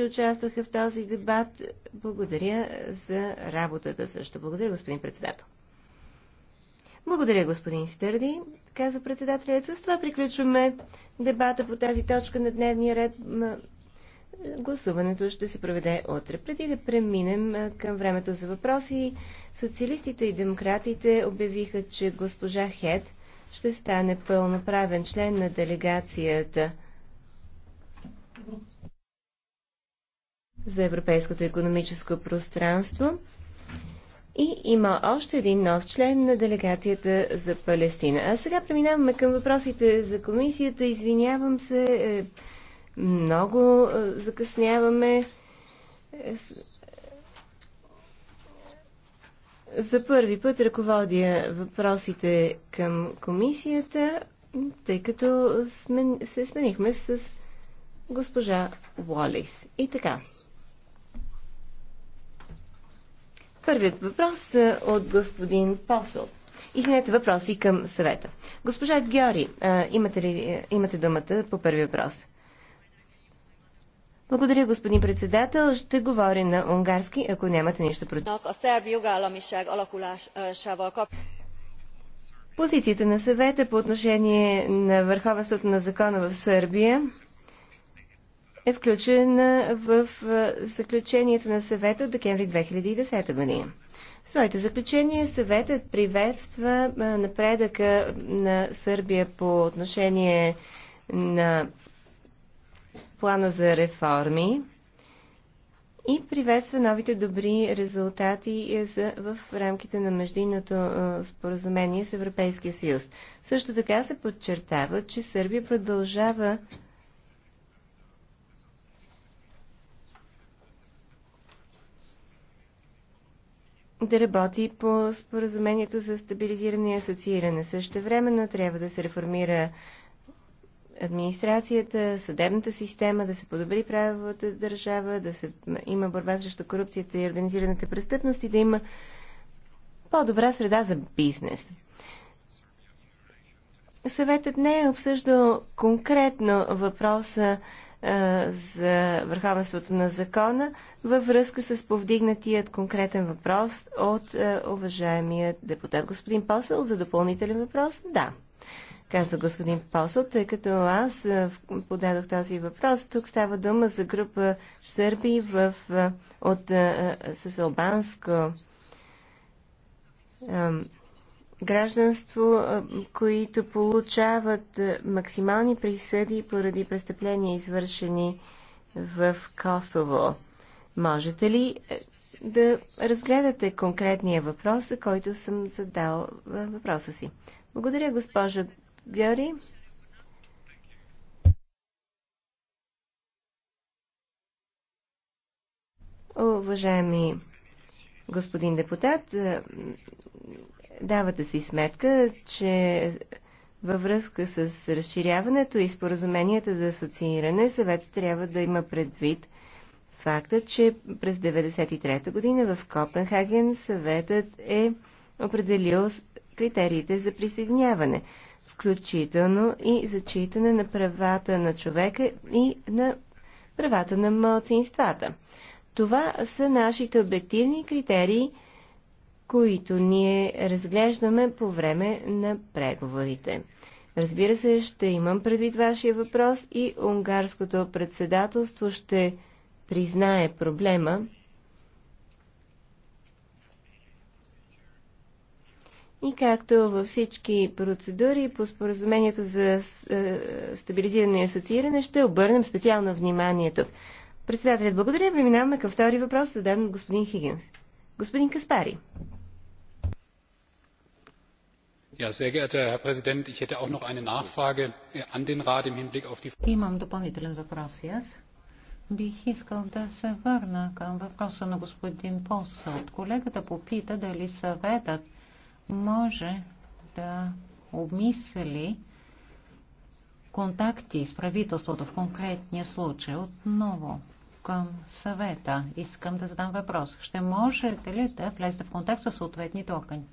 участваха в този дебат. Благодаря за работата също. Благодаря, господин председател. Благодаря, господин Стърди, казва председателят. С това приключваме дебата по тази точка на дневния ред. Гласуването ще се проведе утре. Преди да преминем към времето за въпроси, социалистите и демократите обявиха, че госпожа Хед ще стане пълноправен член на делегацията за Европейското економическо пространство. И има още един нов член на делегацията за Палестина. А сега преминаваме към въпросите за комисията. Извинявам се, е, много е, закъсняваме. Е, за първи път ръководя въпросите към комисията, тъй като се сменихме с госпожа Уолис. И така. Първият въпрос е, от господин Посъл. Извинете въпроси към съвета. Госпожа Георги, е, имате, ли, е, имате думата по първи въпрос? Благодаря, господин председател. Ще говори на унгарски, ако нямате нищо против. Позицията на съвета по отношение на върховенството на закона в Сърбия е включена в заключението на съвета от декември 2010 година. В своите заключения съветът приветства напредъка на Сърбия по отношение на плана за реформи и приветства новите добри резултати е, в рамките на междинното споразумение с Европейския съюз. Също така се подчертава, че Сърбия продължава да работи по споразумението за стабилизиране и асоцииране. Също времено трябва да се реформира администрацията, съдебната система, да се подобри правилата държава, да се има борба срещу корупцията и организираната престъпност и да има по-добра среда за бизнес. Съветът не е обсъждал конкретно въпроса за върховенството на закона във връзка с повдигнатият конкретен въпрос от уважаемия депутат. Господин Посъл, за допълнителен въпрос? Да. Казва господин Посъл, тъй като аз подадох този въпрос. Тук става дума за група сърби в, от, с албанско гражданство, които получават максимални присъди поради престъпления, извършени в Косово. Можете ли е, да разгледате конкретния въпрос, който съм задал въпроса си? Благодаря, госпожа Гьори. Уважаеми господин депутат, Давате си сметка, че във връзка с разширяването и споразуменията за асоцииране, съвет трябва да има предвид факта, че през 1993 година в Копенхаген съветът е определил критериите за присъединяване, включително и зачитане на правата на човека и на правата на малцинствата. Това са нашите обективни критерии – които ние разглеждаме по време на преговорите. Разбира се, ще имам предвид вашия въпрос и унгарското председателство ще признае проблема И както във всички процедури по споразумението за е, стабилизиране и асоцииране, ще обърнем специално внимание тук. Председателят, благодаря. Преминаваме към втори въпрос, зададен от господин Хигинс. Господин Каспари. Herr Präsident, ich hätte auch noch eine Nachfrage äh, an den Rat im Hinblick auf die... Имам Бих искал да се върна към въпроса на господин Колегата попита дали съветът може да обмисли контакти с правителството в конкретния случай. Отново към съвета искам да задам въпрос. Ще можете ли да влезете в контакт с съответните органи?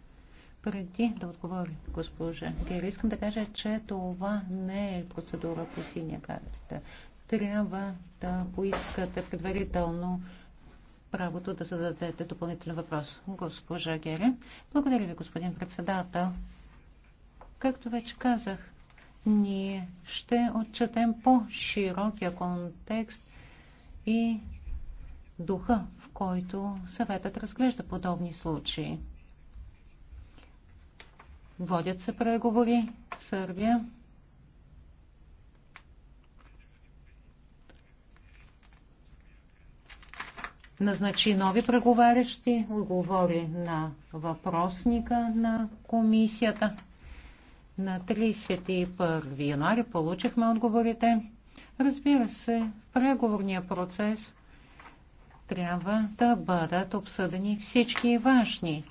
Преди да отговори госпожа Гери, искам да кажа, че това не е процедура по синя карта. Трябва да поискате предварително правото да зададете допълнителен въпрос. Госпожа Гери. Благодаря ви, господин председател. Както вече казах, ние ще отчетем по-широкия контекст и духа, в който съветът разглежда подобни случаи. Водят се преговори. Сърбия. назначи нови преговарящи, отговори на въпросника на комисията. На 31 януари получихме отговорите. Разбира се, в преговорния процес трябва да бъдат обсъдени всички важни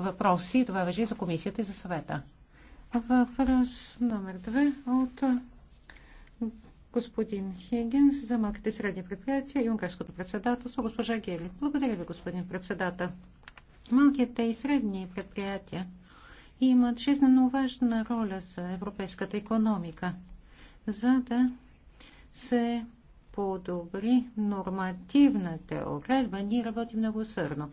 въпроси. Това въжи за комисията и за съвета. Въпрос номер две от господин Хигинс за малките средни предприятия и унгарското председателство. Госпожа Гели. Благодаря ви, господин председател. Малките и средни предприятия имат жизненно важна роля за европейската економика, за да се подобри нормативната уредба. Ние работим много сърно.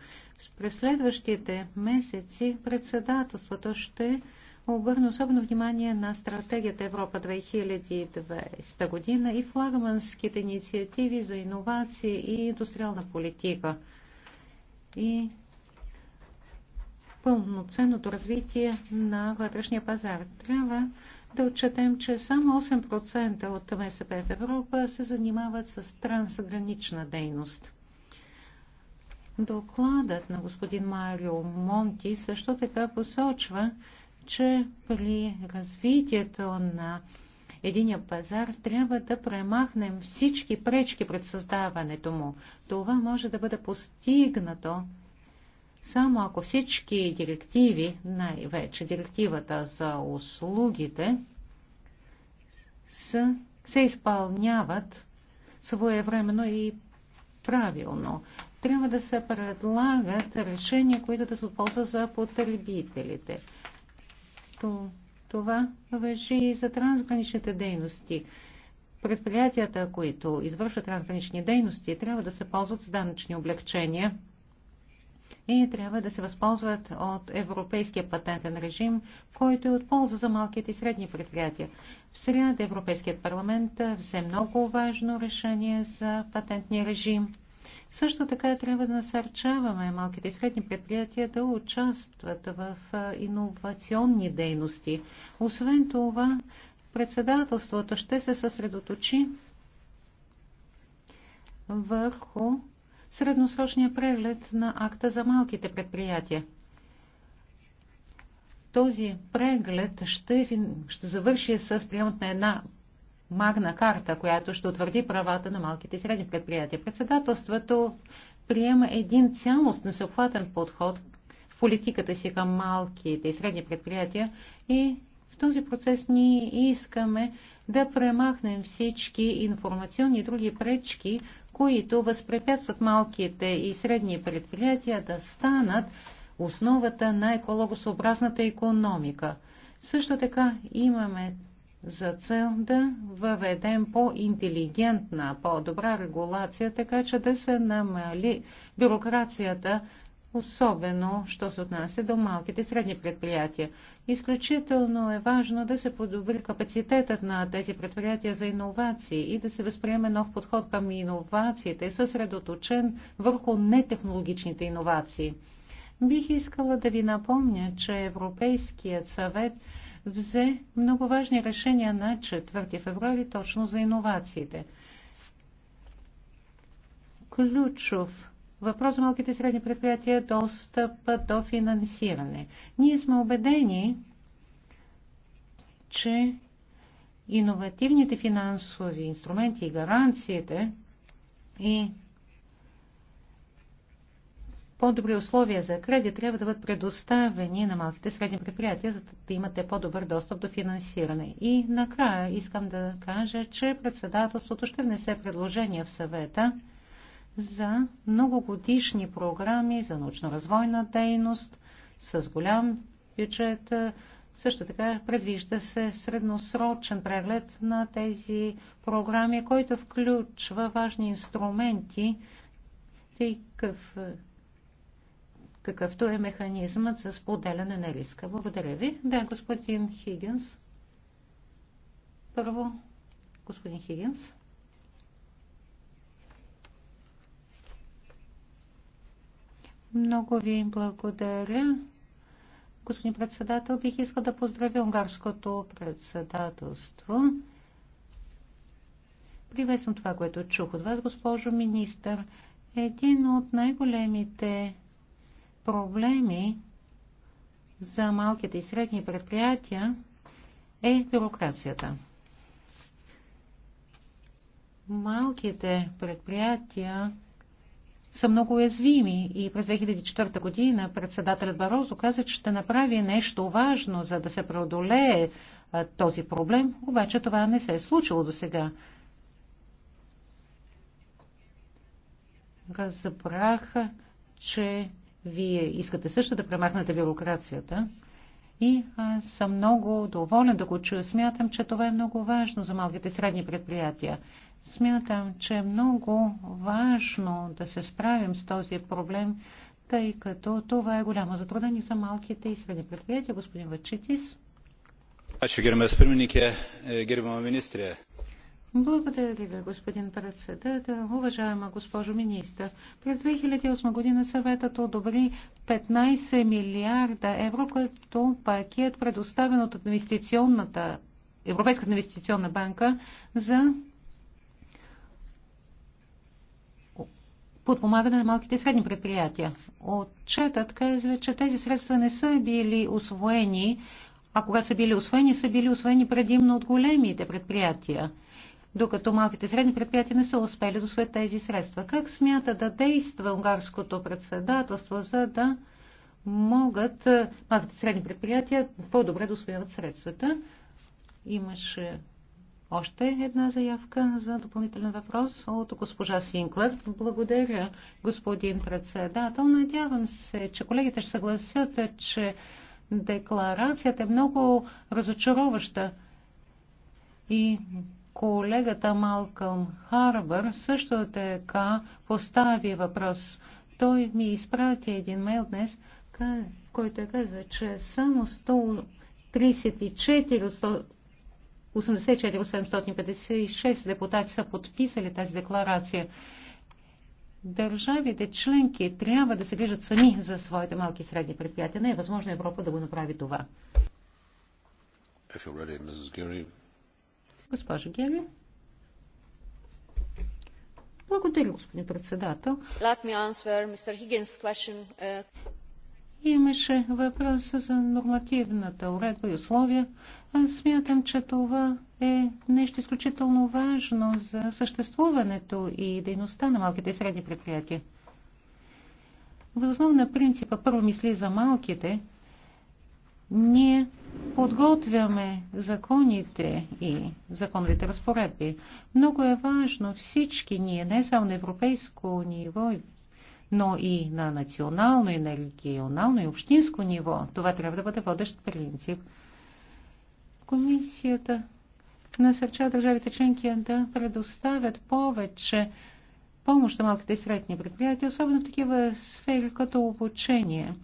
През следващите месеци председателството ще обърне особено внимание на стратегията Европа 2020 година и флагманските инициативи за иновации и индустриална политика и пълноценното развитие на вътрешния пазар. Трябва да отчетем, че само 8% от МСП в Европа се занимават с трансгранична дейност. Докладът на господин Марио Монти също така посочва, че при развитието на единия пазар трябва да премахнем всички пречки пред създаването му. Това може да бъде постигнато само ако всички директиви, най-вече директивата за услугите, са, се изпълняват своевременно и правилно трябва да се предлагат решения, които да се ползват за потребителите. Това въжи и за трансграничните дейности. Предприятията, които извършват трансгранични дейности, трябва да се ползват с данъчни облегчения и трябва да се възползват от европейския патентен режим, който е от полза за малките и средни предприятия. В среда Европейският парламент взе много важно решение за патентния режим. Също така трябва да насърчаваме малките и средни предприятия да участват в иновационни дейности. Освен това, председателството ще се съсредоточи върху средносрочния преглед на акта за малките предприятия. Този преглед ще, ще завърши с приемат на една магна карта, която ще утвърди правата на малките и средни предприятия. Председателството приема един цялостно съхватен подход в политиката си към малките и средни предприятия и в този процес ние искаме да премахнем всички информационни и други пречки, които възпрепятстват малките и средни предприятия да станат основата на екологосъобразната економика. Също така имаме за цел да въведем по-интелигентна, по-добра регулация, така че да се намали бюрокрацията, особено, що се отнася до малките и средни предприятия. Изключително е важно да се подобри капацитетът на тези предприятия за иновации и да се възприеме нов подход към иновациите, съсредоточен върху нетехнологичните иновации. Бих искала да ви напомня, че Европейският съвет – взе много важни решения на 4 феврари точно за иновациите. Ключов въпрос за малките и средни предприятия е достъп до финансиране. Ние сме убедени, че иновативните финансови инструменти и гаранциите и по-добри условия за кредит трябва да бъдат предоставени на малките средни предприятия, за да имате по-добър достъп до финансиране. И накрая искам да кажа, че председателството ще внесе предложение в съвета за многогодишни програми за научно-развойна дейност с голям бюджет. Също така предвижда се средносрочен преглед на тези програми, който включва важни инструменти, какъв какъвто е механизмът за споделяне на риска. Благодаря ви. Да, господин Хигинс. Първо, господин Хигинс. Много ви благодаря. Господин председател, бих искал да поздравя унгарското председателство. Приветствам това, което чух от вас, госпожо министър. Един от най-големите проблеми за малките и средни предприятия е бюрокрацията. Малките предприятия са много уязвими и през 2004 година председателят Барозо каза, че ще направи нещо важно, за да се преодолее този проблем, обаче това не се е случило до сега. Разбраха, че вие искате също да премахнете бюрокрацията. И аз съм много доволен да го чуя. Смятам, че това е много важно за малките и средни предприятия. Смятам, че е много важно да се справим с този проблем, тъй като това е голямо затруднение за малките и средни предприятия. Господин Вачитис. Ačiū, gerbiamas pirmininkė, gerbiama ministrė. Благодаря ви, господин председател. Уважаема госпожо министър, през 2008 година съветът одобри 15 милиарда евро, като пакет предоставен от инвестиционната, Европейската инвестиционна банка за подпомагане на малките и средни предприятия. Отчетът казва, че тези средства не са били освоени, а когато са били освоени, са били освоени предимно от големите предприятия – докато малките и средни предприятия не са успели да своят тези средства. Как смята да действа унгарското председателство, за да могат малките и средни предприятия по-добре да усвояват средствата? Имаше още една заявка за допълнителен въпрос от госпожа Синклер. Благодаря, господин председател. Надявам се, че колегите ще съгласят, че декларацията е много разочароваща и Колегата Малкълм Харбър също така постави въпрос. Той ми изпрати един мейл днес, който е каза, че само 134 от 84-756 депутати са подписали тази декларация. Държавите членки трябва да се грижат сами за своите малки и средни предприятия. Не е възможно Европа да го направи това. Госпожо Гели. Благодаря, господин председател. Answer, uh, Имаше въпрос за нормативната уредба и условия. Аз смятам, че това е нещо изключително важно за съществуването и дейността на малките и средни предприятия. Възоснова на принципа първо мисли за малките – ние подготвяме законите и законовите разпоредби. Много е важно всички ние, не само на европейско ниво, но и на национално, и на регионално, и общинско ниво. Това трябва да бъде водещ принцип. Комисията насърчава държавите членки да предоставят повече помощ на малките и средни предприятия, особено в такива сфери като обучение –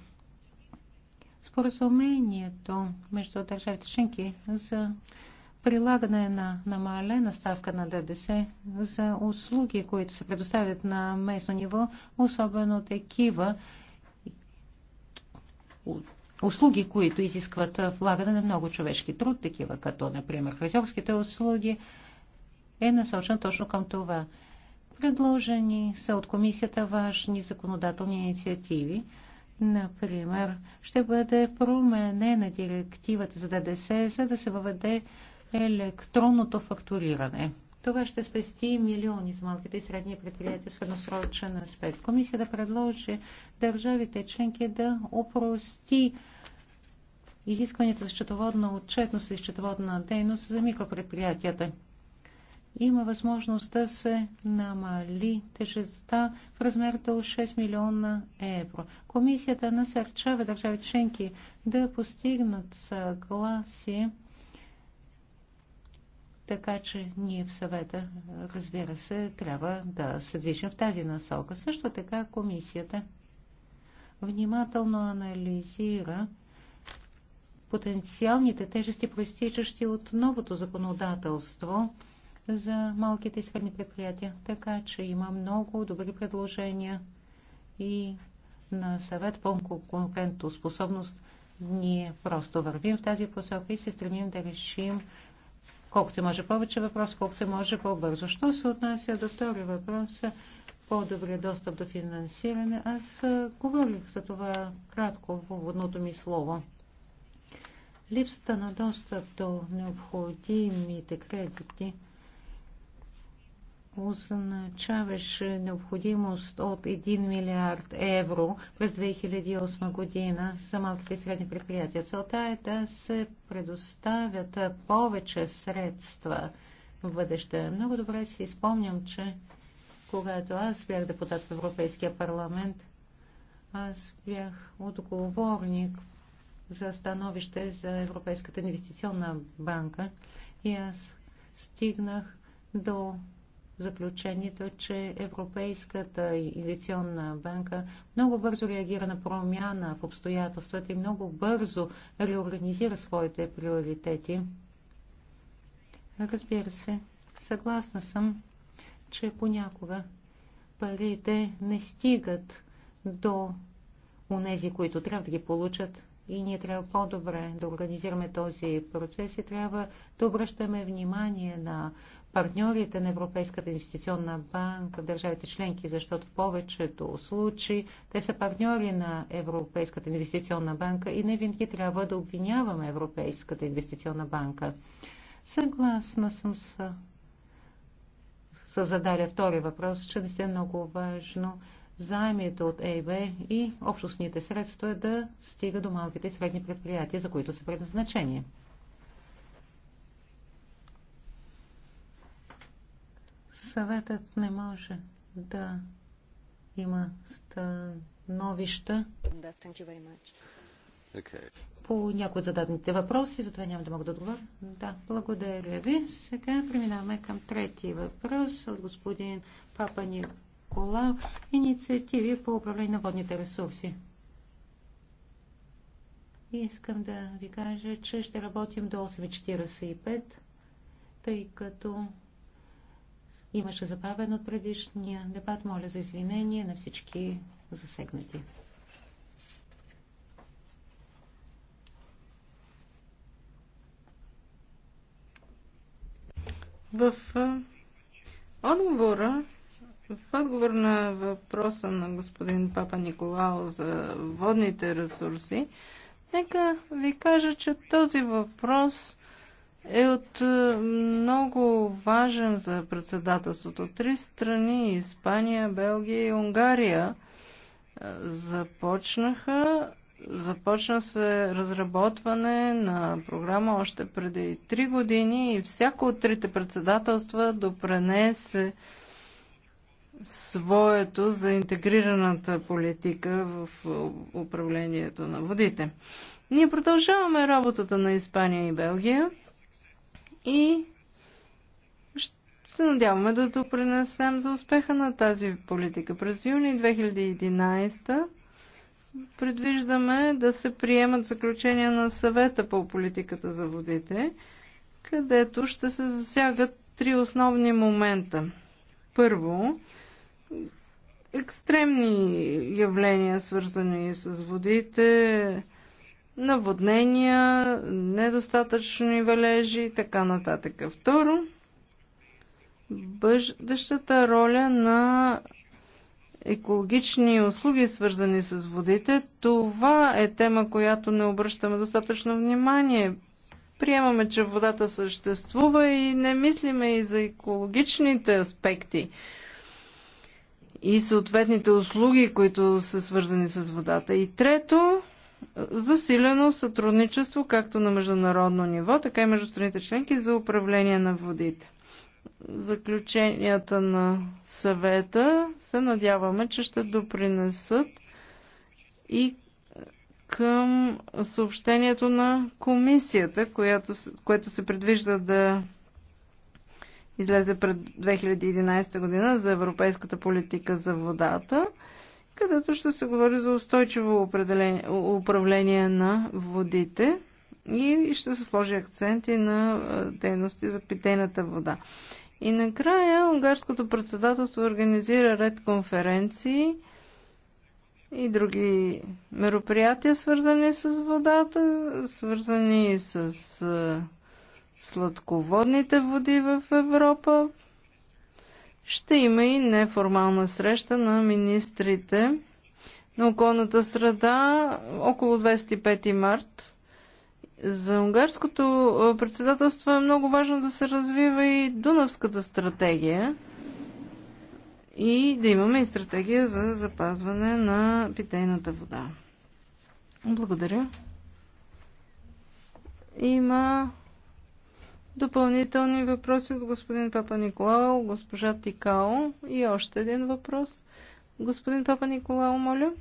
Споразумението между държавите членки за прилагане на намалена ставка на ДДС за услуги, които се предоставят на местно ниво, особено такива услуги, които изискват влагане на много човешки труд, такива като, например, хазовските услуги, е насочен точно към това. Предложени са от комисията важни законодателни инициативи, Например, ще бъде променена директивата за ДДС, за да се въведе електронното фактуриране. Това ще спести милиони с малките и средни предприятия в средносрочен аспект. Комисията да предложи държавите членки да опрости изискванията за счетоводна отчетност и счетоводна дейност за микропредприятията има възможност да се намали тежестта в размер до 6 милиона евро. Комисията насърчава държавите членки да постигнат съгласие, така че ние в съвета, разбира се, трябва да се движим в тази насока. Също така комисията внимателно анализира потенциалните тежести, проистичащи от новото законодателство – за малките и средни предприятия. Така че има много добри предложения и на съвет по конкурентоспособност ние просто вървим в тази посока и се стремим да решим колко се може повече въпрос, колко се може по-бързо. Що се отнася до втори въпрос, по-добрия достъп до финансиране, аз говорих за това кратко в водното ми слово. Липсата на достъп до необходимите кредити – означаваше необходимост от 1 милиард евро през 2008 година за малките и средни предприятия. Целта е да се предоставят повече средства в бъдеще. Много добре си спомням, че когато аз бях депутат в Европейския парламент, аз бях отговорник за становище за Европейската инвестиционна банка и аз стигнах до заключението, че Европейската инвестиционна банка много бързо реагира на промяна в обстоятелствата и много бързо реорганизира своите приоритети. Разбира се, съгласна съм, че понякога парите не стигат до унези, които трябва да ги получат и ние трябва по-добре да организираме този процес и трябва да обръщаме внимание на партньорите на Европейската инвестиционна банка в държавите членки, защото в повечето случаи те са партньори на Европейската инвестиционна банка и не винаги трябва да обвиняваме Европейската инвестиционна банка. Съгласна съм с, са задаля втори въпрос, че не сте е много важно заемите от ЕИБ и общностните средства да стига до малките и средни предприятия, за които са предназначени. съветът не може да има становища okay. по някои от зададените въпроси, затова няма да мога да отговоря. Да, благодаря ви. Сега преминаваме към трети въпрос от господин Папа Никола. Инициативи по управление на водните ресурси. И искам да ви кажа, че ще работим до 8.45, тъй като Имаше забавен от предишния дебат. Моля за извинение на всички засегнати. В отговора, в отговор на въпроса на господин Папа Николао за водните ресурси, нека ви кажа, че този въпрос е от е, много важен за председателството. Три страни Испания, Белгия и Унгария е, започнаха Започна се разработване на програма още преди три години и всяко от трите председателства допренесе своето за интегрираната политика в управлението на водите. Ние продължаваме работата на Испания и Белгия и ще се надяваме да допринесем за успеха на тази политика. През юни 2011 предвиждаме да се приемат заключения на съвета по политиката за водите, където ще се засягат три основни момента. Първо, екстремни явления, свързани с водите, наводнения, недостатъчни валежи и така нататък. Второ, бъдещата роля на екологични услуги, свързани с водите, това е тема, която не обръщаме достатъчно внимание. Приемаме, че водата съществува и не мислиме и за екологичните аспекти и съответните услуги, които са свързани с водата. И трето, засилено сътрудничество както на международно ниво, така и между страните членки за управление на водите. Заключенията на съвета се надяваме, че ще допринесат и към съобщението на комисията, която, което се предвижда да излезе пред 2011 година за европейската политика за водата където ще се говори за устойчиво управление на водите и ще се сложи акценти на дейности за питейната вода. И накрая унгарското председателство организира ред конференции и други мероприятия, свързани с водата, свързани с сладководните води в Европа ще има и неформална среща на министрите на околната среда около 25 март. За унгарското председателство е много важно да се развива и Дунавската стратегия и да имаме и стратегия за запазване на питейната вода. Благодаря. Има Допълнителни въпроси от господин Папа Николао, госпожа Тикао и още един въпрос. Господин Папа Николао, моля.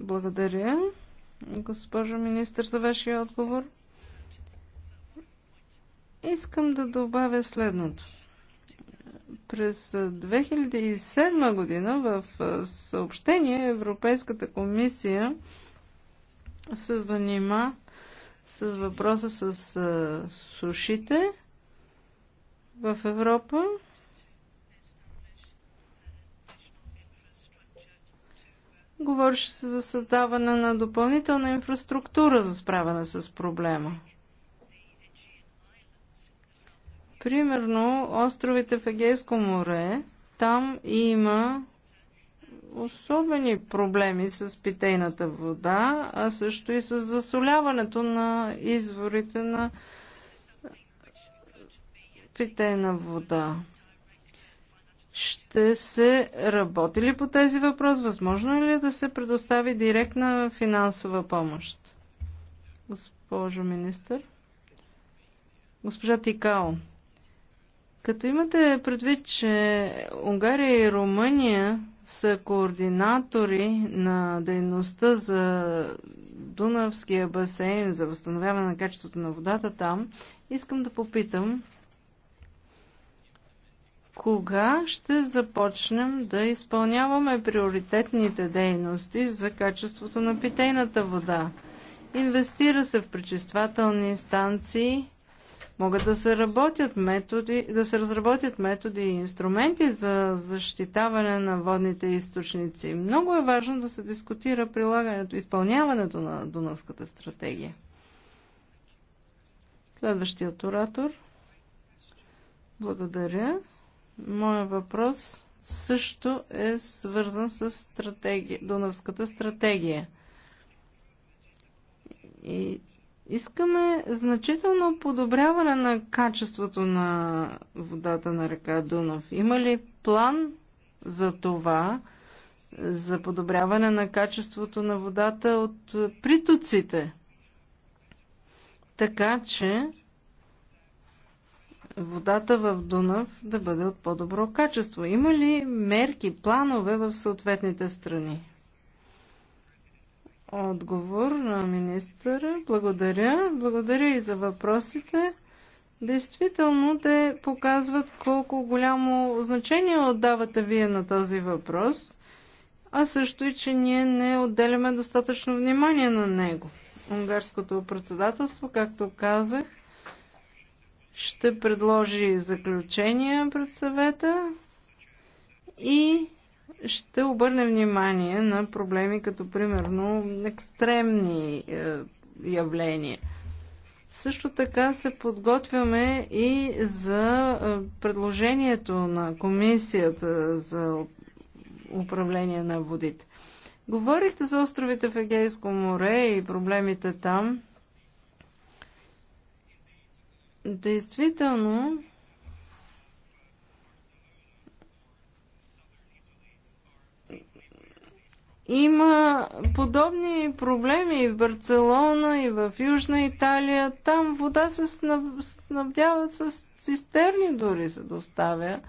Благодаря. Госпожо министър, за вашия отговор. Искам да добавя следното. През 2007 година в съобщение Европейската комисия се занима с въпроса с а, сушите в Европа. Говореше се за създаване на допълнителна инфраструктура за справяне с проблема. Примерно, островите в Егейско море, там има особени проблеми с питейната вода, а също и с засоляването на изворите на питейна вода. Ще се работи ли по тези въпрос? Възможно е ли е да се предостави директна финансова помощ? Госпожо министър. Госпожа Тикао. Като имате предвид, че Унгария и Румъния са координатори на дейността за Дунавския басейн, за възстановяване на качеството на водата там, искам да попитам кога ще започнем да изпълняваме приоритетните дейности за качеството на питейната вода. Инвестира се в пречиствателни станции, могат да се, работят методи, да се разработят методи и инструменти за защитаване на водните източници. Много е важно да се дискутира прилагането, изпълняването на Дунавската стратегия. Следващият оратор. Благодаря. Моя въпрос също е свързан с стратегия, Дунавската стратегия. И Искаме значително подобряване на качеството на водата на река Дунав. Има ли план за това, за подобряване на качеството на водата от притоците? Така че водата в Дунав да бъде от по-добро качество. Има ли мерки, планове в съответните страни? отговор на министъра. Благодаря. Благодаря и за въпросите. Действително, те показват колко голямо значение отдавате вие на този въпрос, а също и, че ние не отделяме достатъчно внимание на него. Унгарското председателство, както казах, ще предложи заключения пред съвета и ще обърне внимание на проблеми като примерно екстремни е, явления. Също така се подготвяме и за е, предложението на Комисията за управление на водите. Говорихте за островите в Егейско море и проблемите там. Действително, Има подобни проблеми и в Барселона, и в Южна Италия. Там вода се снабдяват с цистерни дори се доставя.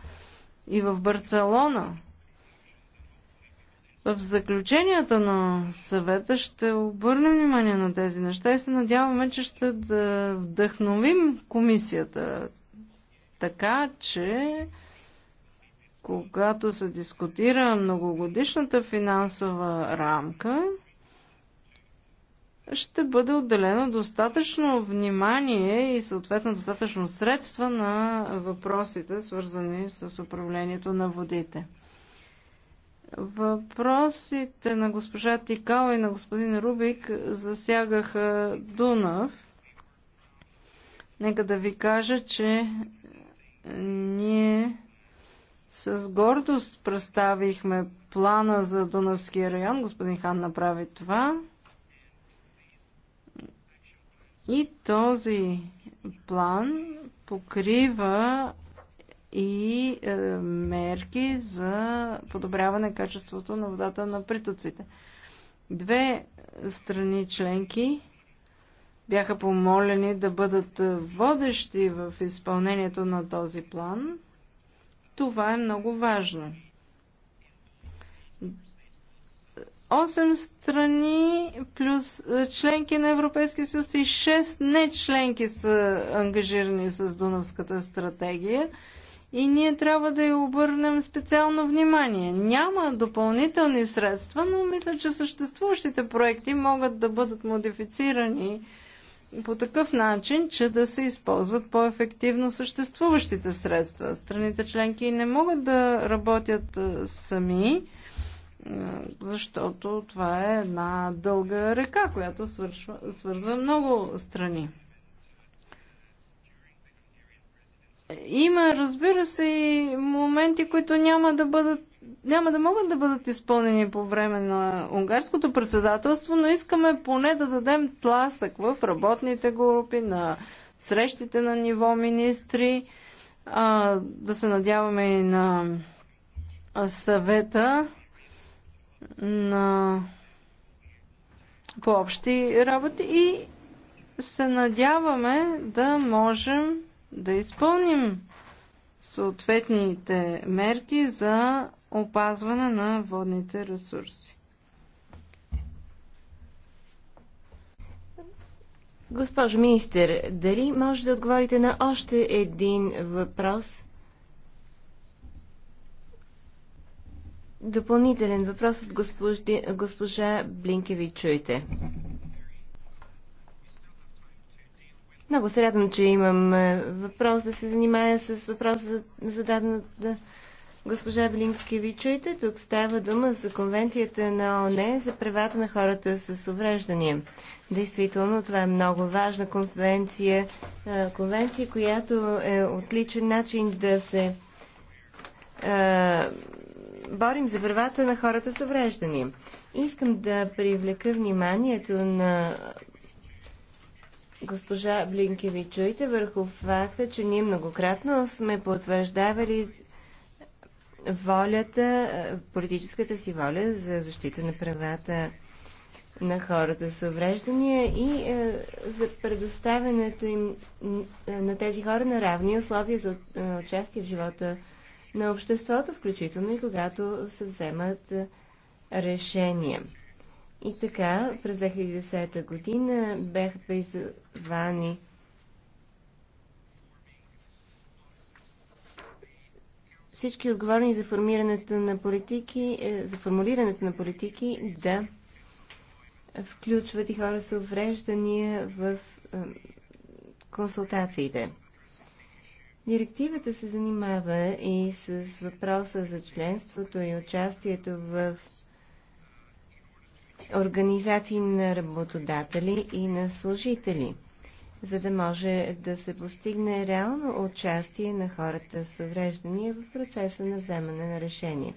И в Барселона. В заключенията на съвета ще обърнем внимание на тези неща и се надяваме, че ще да вдъхновим комисията така, че когато се дискутира многогодишната финансова рамка, ще бъде отделено достатъчно внимание и съответно достатъчно средства на въпросите, свързани с управлението на водите. Въпросите на госпожа Тикала и на господин Рубик засягаха Дунав. Нека да ви кажа, че ние с гордост представихме плана за Дунавския район. Господин Хан направи това. И този план покрива и е, мерки за подобряване качеството на водата на притоците. Две страни членки бяха помолени да бъдат водещи в изпълнението на този план това е много важно. Осем страни плюс е, членки на Европейския съюз и 6 не членки са ангажирани с Дунавската стратегия и ние трябва да я обърнем специално внимание. Няма допълнителни средства, но мисля, че съществуващите проекти могат да бъдат модифицирани по такъв начин, че да се използват по-ефективно съществуващите средства. Страните членки не могат да работят сами, защото това е една дълга река, която свършва, свързва много страни. Има, разбира се, и моменти, които няма да бъдат няма да могат да бъдат изпълнени по време на унгарското председателство, но искаме поне да дадем тласък в работните групи, на срещите на ниво министри, а, да се надяваме и на съвета на по-общи работи и се надяваме да можем да изпълним съответните мерки за опазване на водните ресурси. Госпожо министър, дали може да отговорите на още един въпрос? Допълнителен въпрос от госпожа Блинкеви. Чуйте. Много се радвам, че имам е, въпрос да се занимая с въпроса зададен от е, Госпожа Блинкевичуйте, тук става дума за Конвенцията на ОНЕ за правата на хората с увреждания. Действително, това е много важна конвенция, конвенция, която е отличен начин да се борим за правата на хората с увреждания. Искам да привлека вниманието на госпожа Блинкевичуйте върху факта, че ние многократно сме потвърждавали волята, е, политическата си воля за защита на правата на хората с увреждания и е, за предоставянето им е, на тези хора на равни условия за участие в живота на обществото, включително и когато се вземат решения. И така, през 2010 година бяха призвани. всички отговорни за формирането на политики, е, за формулирането на политики да включват и хора с увреждания в е, консултациите. Директивата се занимава и с въпроса за членството и участието в организации на работодатели и на служители – за да може да се постигне реално участие на хората с увреждания в процеса на вземане на решения.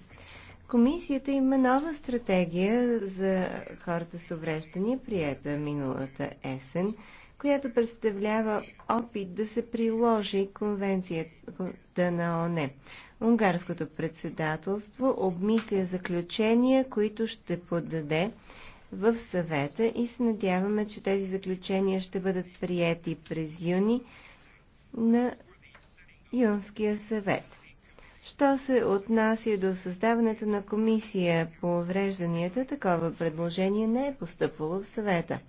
Комисията има нова стратегия за хората с увреждания, приета миналата есен, която представлява опит да се приложи конвенцията на ОНЕ. Унгарското председателство обмисля заключения, които ще подаде в съвета и се надяваме, че тези заключения ще бъдат приети през юни на Юнския съвет. Що се отнася до създаването на комисия по уврежданията, такова предложение не е постъпвало в съвета.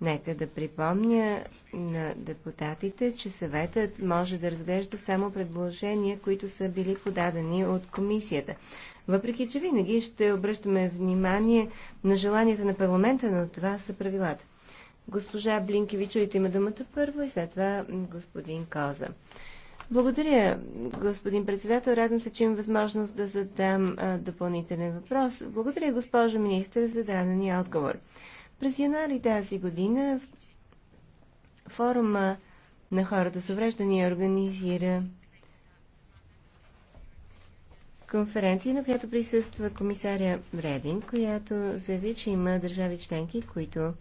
Нека да припомня на депутатите, че съветът може да разглежда само предложения, които са били подадени от комисията. Въпреки, че винаги ще обръщаме внимание на желанията на парламента, но това са правилата. Госпожа ойте има думата първо и след това господин Коза. Благодаря, господин председател. Радвам се, че имам възможност да задам а, допълнителен въпрос. Благодаря, госпожо министър, за дадения отговор. През януари тази година форума на хората с увреждания организира конференция, на която присъства комисаря Редин, която заяви, че има държави членки, които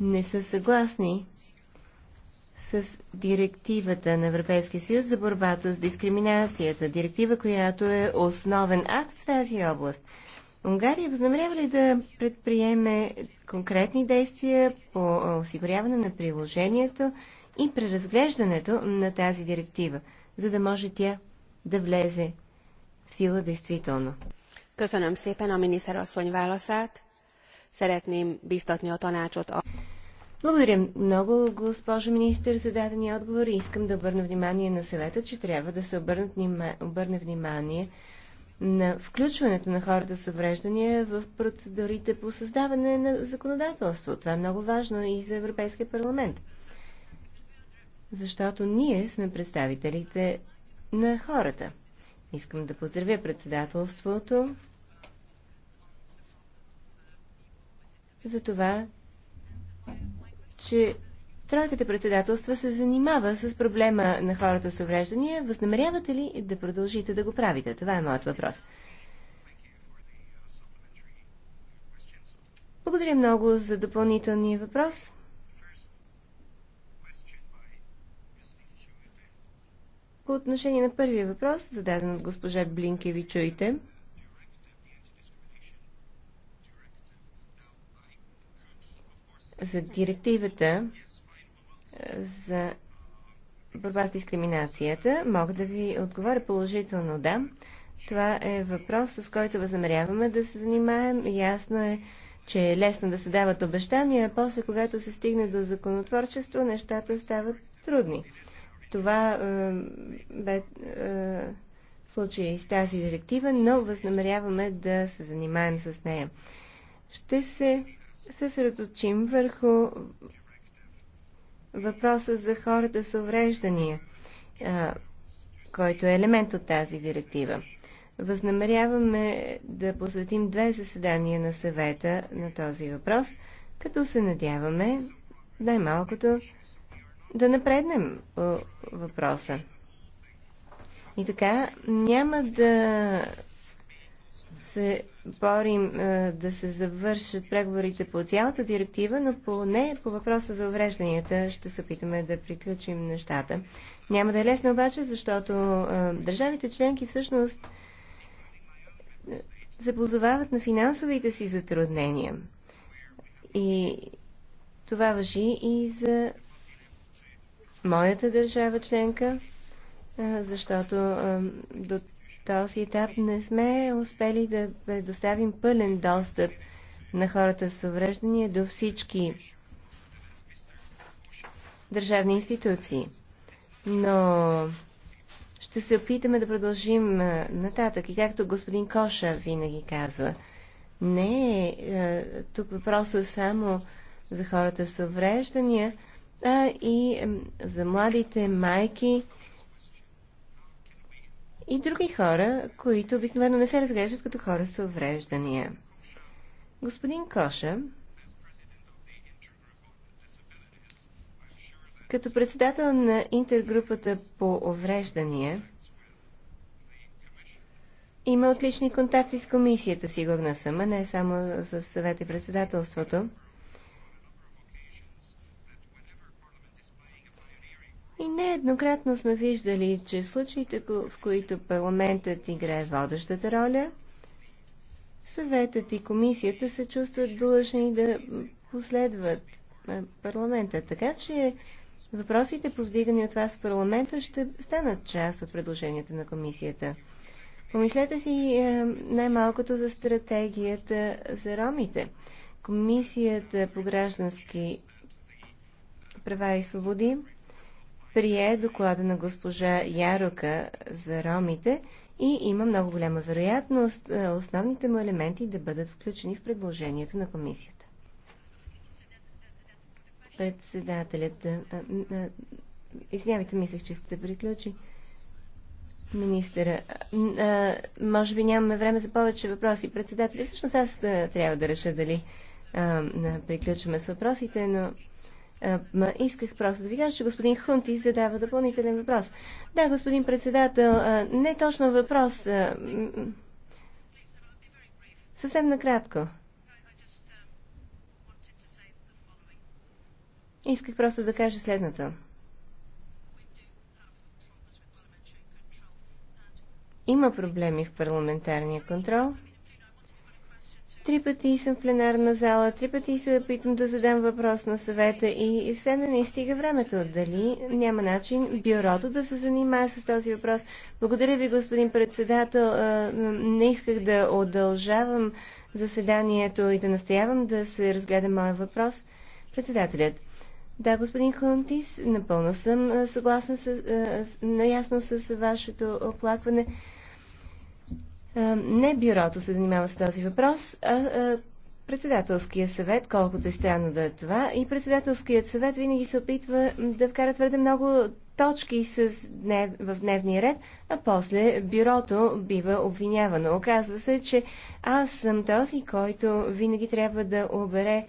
не са съгласни с директивата на Европейския съюз за борбата с дискриминацията. Директива, която е основен акт в тази област. Унгария възнамерява ли да предприеме конкретни действия по осигуряване на приложението и преразглеждането на тази директива, за да може тя да влезе в сила действително? Köszönöm szépen a miniszterasszony válaszát. Szeretném biztatni a tanácsot. A... Благодаря много, госпожо министър, за дадения отговор. Искам да обърна внимание на съвета, че трябва да се обърне внимание на включването на хората с увреждания в процедурите по създаване на законодателство. Това е много важно и за Европейския парламент. Защото ние сме представителите на хората. Искам да поздравя председателството за това, че Тройката председателства се занимава с проблема на хората с увреждания. Възнамерявате ли да продължите да го правите? Това е моят въпрос. Благодаря много за допълнителния въпрос. По отношение на първия въпрос, зададен от госпожа Блинкеви, чуете. За директивата за борба с дискриминацията, мога да ви отговоря положително да. Това е въпрос, с който възнамеряваме да се занимаем. Ясно е, че е лесно да се дават обещания, а после, когато се стигне до законотворчество, нещата стават трудни. Това е, бе е, случай с тази директива, но възнамеряваме да се занимаем с нея. Ще се съсредоточим върху въпроса за хората с увреждания, който е елемент от тази директива. Възнамеряваме да посветим две заседания на съвета на този въпрос, като се надяваме най-малкото да напреднем по въпроса. И така няма да се борим е, да се завършат преговорите по цялата директива, но по не по въпроса за уврежданията ще се опитаме да приключим нещата. Няма да е лесно обаче, защото е, държавите членки всъщност е, се позовават на финансовите си затруднения. И това въжи и за моята държава членка, защото до този етап не сме успели да предоставим пълен достъп на хората с увреждания до всички държавни институции. Но ще се опитаме да продължим нататък. И както господин Коша винаги казва, не е тук въпроса само за хората с увреждания, а и за младите майки, и други хора, които обикновено не се разглеждат като хора с увреждания. Господин Коша, като председател на интергрупата по увреждания, има отлични контакти с комисията, сигурна съм, а не само с съвет и председателството. Нееднократно сме виждали, че в случаите, в които парламентът играе водещата роля, съветът и комисията се чувстват длъжни да последват парламента. Така че въпросите, повдигани от вас в парламента, ще станат част от предложенията на комисията. Помислете си най-малкото за стратегията за ромите. Комисията по граждански права и свободи прие доклада на госпожа Ярока за ромите и има много голяма вероятност е, основните му елементи да бъдат включени в предложението на комисията. Председателят, е, е, извинявайте, мислех, че сте приключи. Министъра, може би нямаме време за повече въпроси. Председателя, всъщност аз трябва да реша дали приключваме с въпросите, но е, исках просто да ви кажа, че господин Хунти задава допълнителен въпрос. Да, господин председател, е, не точно въпрос. Е, съвсем накратко. Исках просто да кажа следното. Има проблеми в парламентарния контрол. Три пъти съм в пленарна зала, три пъти се опитвам да задам въпрос на съвета и все не не стига времето. Дали няма начин бюрото да се занимае с този въпрос? Благодаря ви, господин председател. Не исках да удължавам заседанието и да настоявам да се разгледа моя въпрос. Председателят. Да, господин Хунтис, напълно съм съгласна с, наясно с вашето оплакване. Е, не бюрото се занимава с този въпрос, а председателския съвет, колкото и е странно да е това. И председателският съвет винаги се опитва да вкара твърде много точки с днев, в дневния ред, а после бюрото бива обвинявано. Оказва се, че аз съм този, който винаги трябва да обере